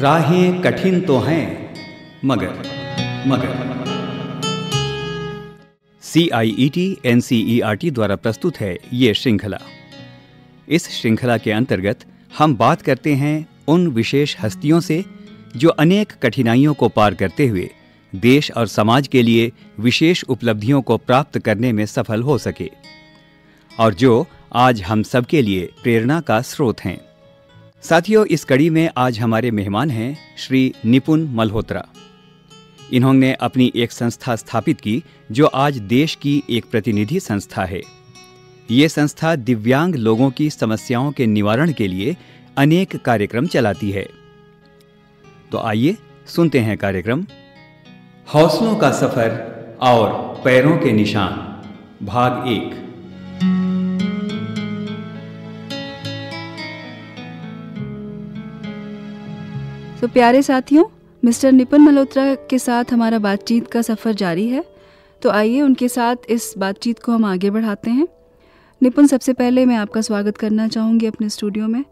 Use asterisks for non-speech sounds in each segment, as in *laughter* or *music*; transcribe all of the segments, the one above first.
राहें कठिन तो हैं मगर मगर C I E T N C E R T द्वारा प्रस्तुत है ये श्रृंखला इस श्रृंखला के अंतर्गत हम बात करते हैं उन विशेष हस्तियों से जो अनेक कठिनाइयों को पार करते हुए देश और समाज के लिए विशेष उपलब्धियों को प्राप्त करने में सफल हो सके और जो आज हम सबके लिए प्रेरणा का स्रोत हैं साथियों इस कड़ी में आज हमारे मेहमान हैं श्री निपुण मल्होत्रा इन्होंने अपनी एक संस्था स्थापित की जो आज देश की एक प्रतिनिधि संस्था है ये संस्था दिव्यांग लोगों की समस्याओं के निवारण के लिए अनेक कार्यक्रम चलाती है तो आइए सुनते हैं कार्यक्रम हौसलों का सफर और पैरों के निशान भाग एक तो प्यारे साथियों मिस्टर निपुन मल्होत्रा के साथ हमारा बातचीत का सफ़र जारी है तो आइए उनके साथ इस बातचीत को हम आगे बढ़ाते हैं निपुन सबसे पहले मैं आपका स्वागत करना चाहूँगी अपने स्टूडियो में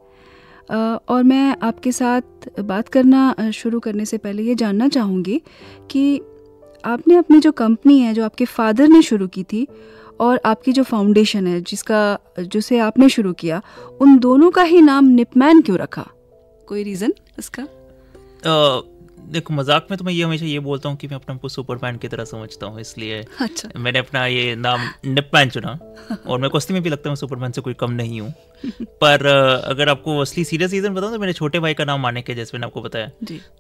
और मैं आपके साथ बात करना शुरू करने से पहले ये जानना चाहूँगी कि आपने अपनी जो कंपनी है जो आपके फादर ने शुरू की थी और आपकी जो फाउंडेशन है जिसका जिसे आपने शुरू किया उन दोनों का ही नाम निपमैन क्यों रखा कोई रीज़न इसका देखो मजाक में तो मैं ये हमेशा ये बोलता हूँ कि मैं अपने आपको सुपरमैन की तरह समझता हूँ इसलिए अच्छा। मैंने अपना ये नाम निपमैन चुना *laughs* और मैं कुश्ती में भी लगता है सुपरमैन से कोई कम नहीं हूँ पर अगर आपको असली सीरियस रीजन बताऊँ तो मेरे छोटे भाई का नाम मानिक है जैसे मैंने आपको बताया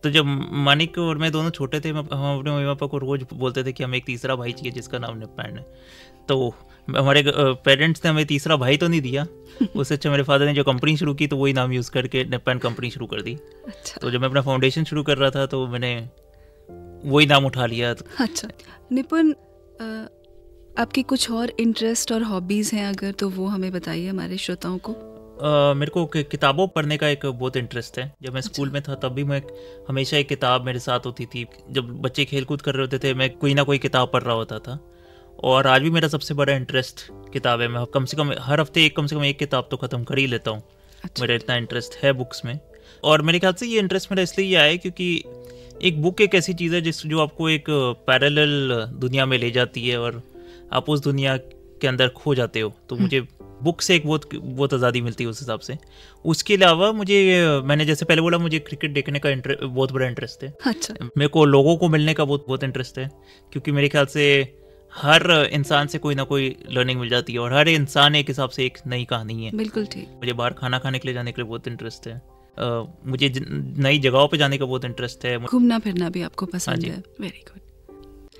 तो जब मानिक और मैं दोनों छोटे थे हम अपने मम्मी पापा को रोज बोलते थे कि हमें एक तीसरा भाई चाहिए जिसका नाम निपमैन है तो हमारे पेरेंट्स ने हमें तीसरा भाई तो नहीं दिया *laughs* उससे अच्छा मेरे फादर ने जो कंपनी शुरू की तो वही नाम यूज़ करके नेपैन कंपनी शुरू कर दी अच्छा तो जब मैं अपना फाउंडेशन शुरू कर रहा था तो मैंने वही नाम उठा लिया अच्छा निपुन आपकी कुछ और इंटरेस्ट और हॉबीज़ हैं अगर तो वो हमें बताइए हमारे श्रोताओं को Uh, मेरे को किताबों पढ़ने का एक बहुत इंटरेस्ट है जब मैं स्कूल अच्छा। में था तब भी मैं हमेशा एक किताब मेरे साथ होती थी जब बच्चे खेल कूद कर रहे होते थे मैं कोई ना कोई किताब पढ़ रहा होता था और आज भी मेरा सबसे बड़ा इंटरेस्ट किताब है मैं कम से कम हर हफ्ते एक कम से कम एक किताब तो ख़त्म कर ही लेता हूँ अच्छा। मेरा इतना इंटरेस्ट है बुक्स में और मेरे ख्याल से ये इंटरेस्ट मेरा इसलिए आया है क्योंकि एक बुक एक ऐसी चीज़ है जिस जो आपको एक पैरल दुनिया में ले जाती है और आप उस दुनिया के अंदर खो जाते हो तो हम्म। मुझे बुक से एक बहुत बहुत आज़ादी मिलती है उस हिसाब से उसके अलावा मुझे मैंने जैसे पहले बोला मुझे क्रिकेट देखने का बहुत बड़ा इंटरेस्ट है अच्छा मेरे को लोगों को मिलने का बहुत बहुत इंटरेस्ट है क्योंकि मेरे ख्याल से हर इंसान से कोई ना कोई लर्निंग मिल जाती है और हर इंसान एक हिसाब से एक नई कहानी है बिल्कुल ठीक मुझे बाहर खाना खाने के लिए जाने के लिए बहुत इंटरेस्ट है Uh, मुझे नई जगहों पे जाने का बहुत इंटरेस्ट है घूमना फिरना भी आपको हाँ पसंद है वेरी गुड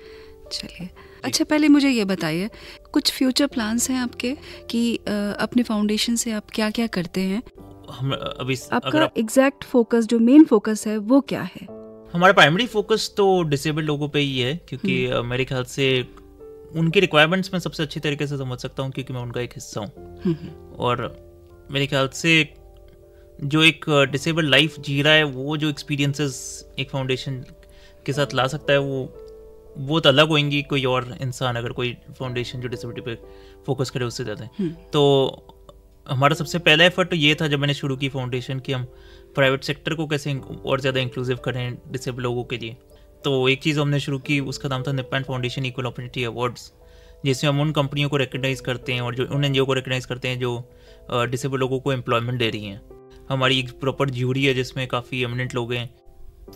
चलिए अच्छा पहले मुझे ये बताइए कुछ फ्यूचर प्लान्स हैं आपके कि आ, अपने फाउंडेशन से आप क्या क्या करते हैं हम अभी आपका एग्जैक्ट आप... फोकस जो मेन फोकस है वो क्या है हमारा प्राइमरी फोकस तो डिसेबल्ड लोगों पे ही है क्योंकि हम्म। मेरे ख्याल से उनकी रिक्वायरमेंट्स में सबसे अच्छी तरीके से समझ सकता हूँ क्योंकि मैं उनका एक हिस्सा हूँ और मेरे ख्याल से जो एक डिसेबल uh, लाइफ जी रहा है वो जो एक्सपीरियंसेस एक फाउंडेशन के साथ ला सकता है वो बहुत तो अलग होंगी कोई और इंसान अगर कोई फाउंडेशन जो डिसेबिलिटी पे फोकस करे उससे ज़्यादा हम्म। तो हमारा सबसे पहला एफर्ट तो ये था जब मैंने शुरू की फाउंडेशन कि हम प्राइवेट सेक्टर को कैसे और ज़्यादा इंक्लूसिव करें डिसेबल लोगों के लिए तो एक चीज़ हमने शुरू की उसका नाम था Nipman foundation equal opportunity awards जिसमें हम उन कंपनियों को रिकगनाइज़ करते हैं और जो उन एन को रिकगनाइज़ करते हैं जो डिसेबल लोगों को एम्प्लॉयमेंट दे रही हैं हमारी एक प्रॉपर ज्यूरी है जिसमें काफ़ी एमिनेंट लोग हैं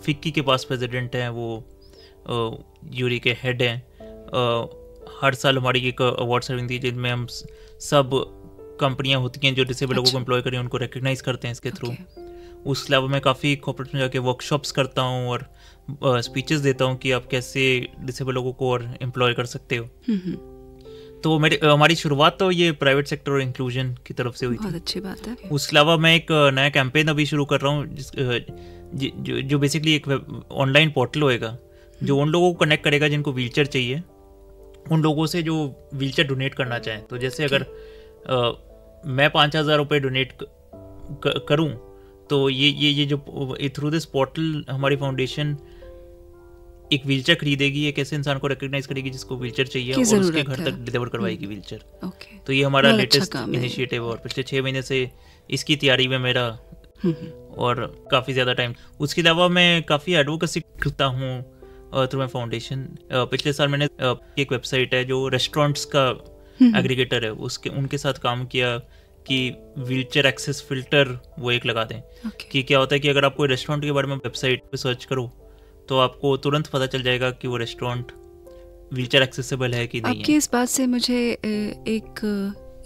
फिक्की के पास प्रेसिडेंट हैं वो ज्यूरी के हेड हैं हर साल हमारी एक अवार्ड सर्विंग थी जिनमें हम सब कंपनियां होती हैं जो डिसेबल अच्छा। लोगों को एम्प्लॉय अच्छा। करें उनको रिकग्नाइज करते हैं इसके थ्रू okay. उस लेवल में काफ़ी कॉपरेट में जाके वर्कशॉप्स करता हूँ और स्पीचेस देता हूँ कि आप कैसे डिसेबल लोगों को और एम्प्लॉय कर सकते हो हम्म, हम्म। तो मेरे हमारी शुरुआत तो ये प्राइवेट सेक्टर और इंक्लूजन की तरफ से हुई बहुत थी। अच्छी बात है उसके अलावा मैं एक नया कैंपेन अभी शुरू कर रहा हूँ जो जो बेसिकली एक ऑनलाइन पोर्टल होएगा हम्म। जो उन लोगों को कनेक्ट करेगा जिनको व्हील चाहिए उन लोगों से जो व्हील डोनेट करना चाहें तो जैसे अगर आ, मैं पाँच हज़ार रुपये डोनेट करूँ तो ये ये ये जो थ्रू दिस पोर्टल हमारी फाउंडेशन एक व्हील चेयर खरीदेगी एक ऐसे इंसान को रिकॉग्नाइज करेगी जिसको व्हील चेयर चाहिए और उसके घर तक डिलीवर हम्म। करवाएगी व्हील चेयर तो ये हमारा लेटेस्ट अच्छा इनिशिएटिव और पिछले छः महीने से इसकी तैयारी में मेरा हम्म। और काफ़ी ज़्यादा टाइम उसके अलावा मैं काफ़ी एडवोकेसी करता हूँ थ्रू माई फाउंडेशन पिछले साल मैंने एक वेबसाइट है जो रेस्टोरेंट्स का एग्रीगेटर हम्म। है उसके उनके साथ काम किया कि व्हीलचेयर एक्सेस फिल्टर वो एक लगा दें okay. कि क्या होता है कि अगर आप कोई रेस्टोरेंट के बारे में वेबसाइट पे सर्च करो तो आपको तुरंत पता चल जाएगा कि वो रेस्टोरेंट व्हीलचेयर एक्सेसिबल है कि नहीं आपके इस बात से मुझे एक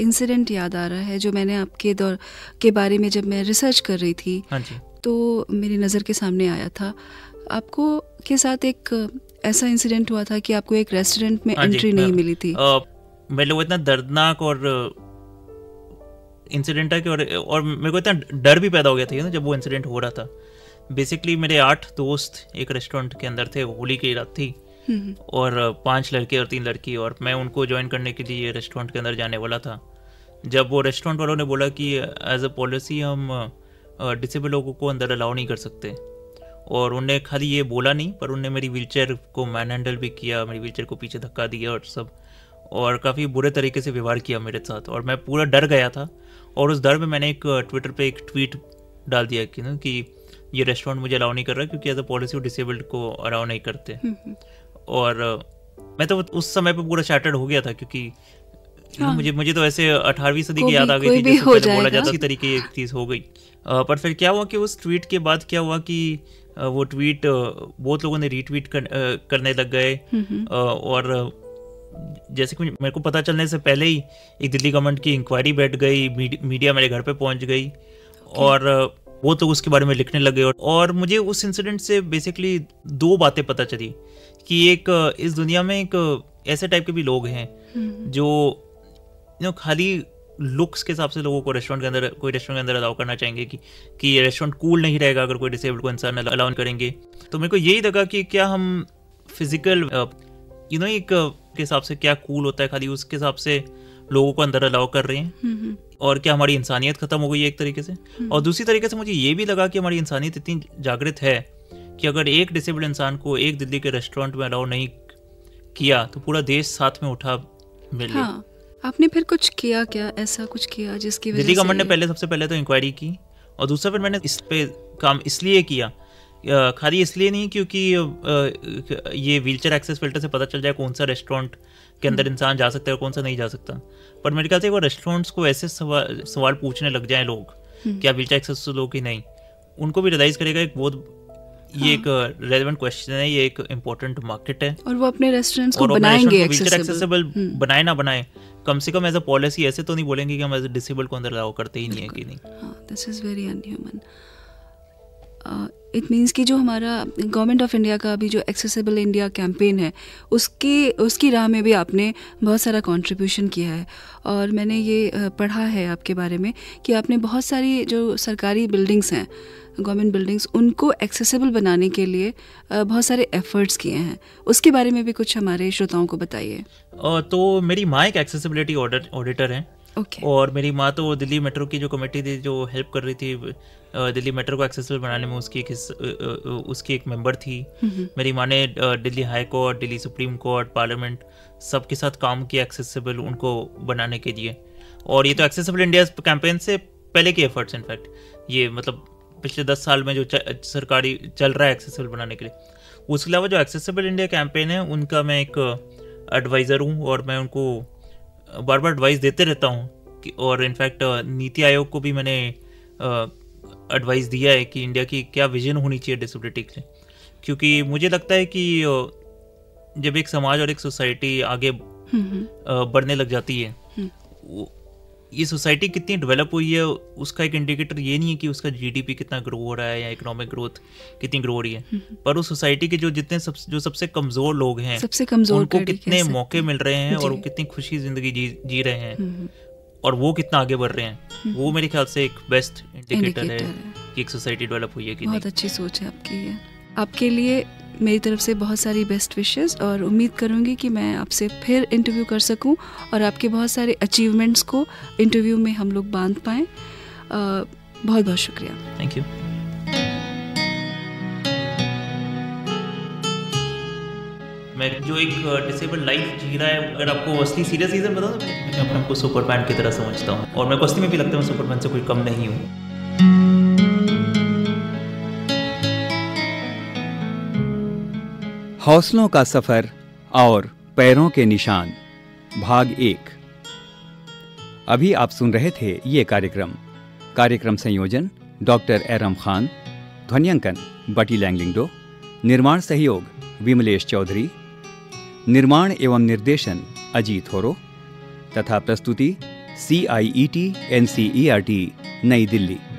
इंसिडेंट याद आ रहा है जो मैंने आपके दौर के बारे में जब मैं रिसर्च कर रही थी हाँ जी तो मेरी नज़र के सामने आया था आपको के साथ एक ऐसा इंसिडेंट हुआ था कि आपको एक रेस्टोरेंट में हाँ एंट्री नहीं मिली थी आ, मेरे लोग इतना दर्दनाक और इंसिडेंट है कि और और मेरे को इतना डर भी पैदा हो गया था ना जब वो इंसिडेंट हो रहा था बेसिकली मेरे आठ दोस्त एक रेस्टोरेंट के अंदर थे होली की रात थी और पांच लड़के और तीन लड़की और मैं उनको ज्वाइन करने के लिए रेस्टोरेंट के अंदर जाने वाला था जब वो रेस्टोरेंट वालों ने बोला कि एज अ पॉलिसी हम डिसेबल लोगों को अंदर अलाउ नहीं कर सकते और उनने खाली ये बोला नहीं पर उनने मेरी व्हील को मैन हैंडल भी किया मेरी व्हील को पीछे धक्का दिया और सब और काफ़ी बुरे तरीके से व्यवहार किया मेरे साथ और मैं पूरा डर गया था और उस दर में मैंने एक ट्विटर पे एक ट्वीट डाल दिया कि ना कि ये रेस्टोरेंट मुझे अलाउ नहीं कर रहा क्योंकि एज अ पॉलिसी वो डिसेबल्ड को अलाउ नहीं करते हम्म, हम्म। और मैं तो उस समय पे पूरा चार्टर्ड हो गया था क्योंकि हाँ। मुझे मुझे तो ऐसे अठारहवीं सदी की याद आ गई थी जैसे बोला जाता इसी तरीके की एक चीज़ हो गई पर फिर क्या हुआ कि उस ट्वीट के बाद क्या हुआ कि वो ट्वीट बहुत लोगों ने रीट्वीट कर, करने लग गए हम्म, और जैसे कि मेरे को पता चलने से पहले ही एक दिल्ली गवर्नमेंट की इंक्वायरी बैठ गई मीडिया मेरे घर पे पहुंच गई okay. और वो तो उसके बारे में लिखने लगे और मुझे उस इंसिडेंट से बेसिकली दो बातें पता चली कि एक इस दुनिया में एक ऐसे टाइप के भी लोग हैं हम्म। जो यू नो खाली लुक्स के हिसाब से लोगों को रेस्टोरेंट के अंदर कोई रेस्टोरेंट के अंदर अलाउ करना चाहेंगे कि कि ये रेस्टोरेंट कूल नहीं रहेगा अगर कोई डिसेबल्ड को इंसान अलाउ करेंगे तो मेरे को यही लगा कि क्या हम फिजिकल यू नो एक के हिसाब से क्या कूल होता है खाली उसके हिसाब से लोगों को अंदर अलाउ कर रहे हैं और क्या हमारी इंसानियत खत्म हो गई है एक तरीके से हम्म। और दूसरी तरीके से मुझे ये भी लगा कि हमारी इंसानियत इतनी जागृत है कि अगर एक डिसेबल्ड इंसान को एक दिल्ली के रेस्टोरेंट में अलाउ नहीं किया तो पूरा देश साथ में उठा मिल हाँ, आपने फिर कुछ किया क्या ऐसा कुछ किया जिसकी दिल्ली गवर्नमेंट ने पहले सबसे पहले तो इंक्वायरी की और दूसरा फिर मैंने इस पे काम इसलिए किया खाली इसलिए नहीं क्योंकि ये व्हीलचेयर एक्सेस फिल्टर से पता चल जाए कौन सा रेस्टोरेंट के अंदर हम्म। इंसान जा सकता है और कौन सा नहीं जा सकता पर मेरे ख्याल से वो रेस्टोरेंट्स को ऐसे सवाल सवाल पूछने लग जाए लोग क्या व्हील चेयर एक्सेस लो कि तो नहीं उनको भी रियलाइज करेगा एक बहुत ये हाँ। एक रेलिवेंट क्वेश्चन है ये एक इम्पोर्टेंट मार्केट है और वो अपने रेस्टोरेंट्स को बनाएंगे एक्सेसिबल हम्म। बनाए ना बनाए कम से कम एज अ पॉलिसी ऐसे तो नहीं बोलेंगे कि हम एज डिसेबल को अंदर अलाउ करते ही नहीं है कि नहीं this is very inhuman it means कि जो हमारा गवर्नमेंट ऑफ इंडिया का अभी जो एक्सेसिबल इंडिया कैंपेन है उसके उसकी राह में भी आपने बहुत सारा कंट्रीब्यूशन किया है और मैंने ये पढ़ा है आपके बारे में कि आपने बहुत सारी जो सरकारी बिल्डिंग्स हैं गवर्नमेंट बिल्डिंग्स उनको एक्सेसिबल बनाने के लिए बहुत सारे एफर्ट्स किए हैं उसके बारे में भी कुछ हमारे श्रोताओं को बताइए तो मेरी माँ एक एक्सेसिबिलिटी ऑडिटर हैं okay. और मेरी माँ तो वो दिल्ली मेट्रो की जो कमेटी थी जो हेल्प कर रही थी दिल्ली मेट्रो को एक्सेसिबल बनाने में उसकी एक उसकी एक मेंबर थी मेरी माँ ने Delhi high court Delhi supreme court parliament सबके साथ काम किया एक्सेसिबल उनको बनाने के लिए और ये तो एक्सेसिबल इंडिया कैंपेन से पहले के एफर्ट्स इनफैक्ट ये मतलब पिछले दस साल में जो सरकारी चल रहा है एक्सेसिबल बनाने के लिए उसके अलावा जो एक्सेसिबल इंडिया कैंपेन है उनका मैं एक एडवाइज़र हूँ और मैं उनको बार बार एडवाइस देते रहता हूँ और इनफैक्ट नीति आयोग को भी मैंने एडवाइस दिया है कि इंडिया की क्या विजन होनी चाहिए डिसबिलिटी के क्योंकि मुझे लगता है कि जब एक समाज और एक सोसाइटी आगे हम्म, हम्म। बढ़ने लग जाती है हम्म। ये सोसाइटी कितनी डेवलप हुई है उसका एक इंडिकेटर ये नहीं है कि उसका जीडीपी कितना ग्रो हो रहा है या इकोनॉमिक ग्रोथ कितनी ग्रो हो रही है हम्म, हम्म। पर उस सोसाइटी के जो जितने सब, जो सबसे कमजोर लोग हैं सबसे कमजोर उनको कितने मौके मिल रहे हैं और वो कितनी खुशी जिंदगी जी जी रहे हैं हम्म, और वो कितना आगे बढ़ रहे हैं वो मेरे ख्याल से एक बेस्ट इंडिकेटर है कि एक सोसाइटी डेवलप हुई है कि बहुत अच्छी सोच है आपकी आपके लिए मेरी तरफ से बहुत सारी बेस्ट विशेस और उम्मीद करूंगी कि मैं आपसे फिर इंटरव्यू कर सकूं और आपके बहुत सारे अचीवमेंट्स को इंटरव्यू में हम लोग बांध पाए बहुत बहुत शुक्रिया थैंक यू मैं जो एक डिसेबल लाइफ जी रहा है अगर आपको असली सीरियस रीज़न बताओ तो मैं अपने आपको सुपरमैन की तरह समझता हूँ और मैं असली में भी लगता हूँ सुपरमैन से कोई कम नहीं हूँ हौसलों का सफर और पैरों के निशान भाग एक अभी आप सुन रहे थे ये कार्यक्रम कार्यक्रम संयोजन डॉक्टर एरम खान ध्वनियांकन बटी लैंगलिंगडो निर्माण सहयोग विमलेश चौधरी निर्माण एवं निर्देशन अजीत होरो तथा प्रस्तुति C I E T N C E R T New Delhi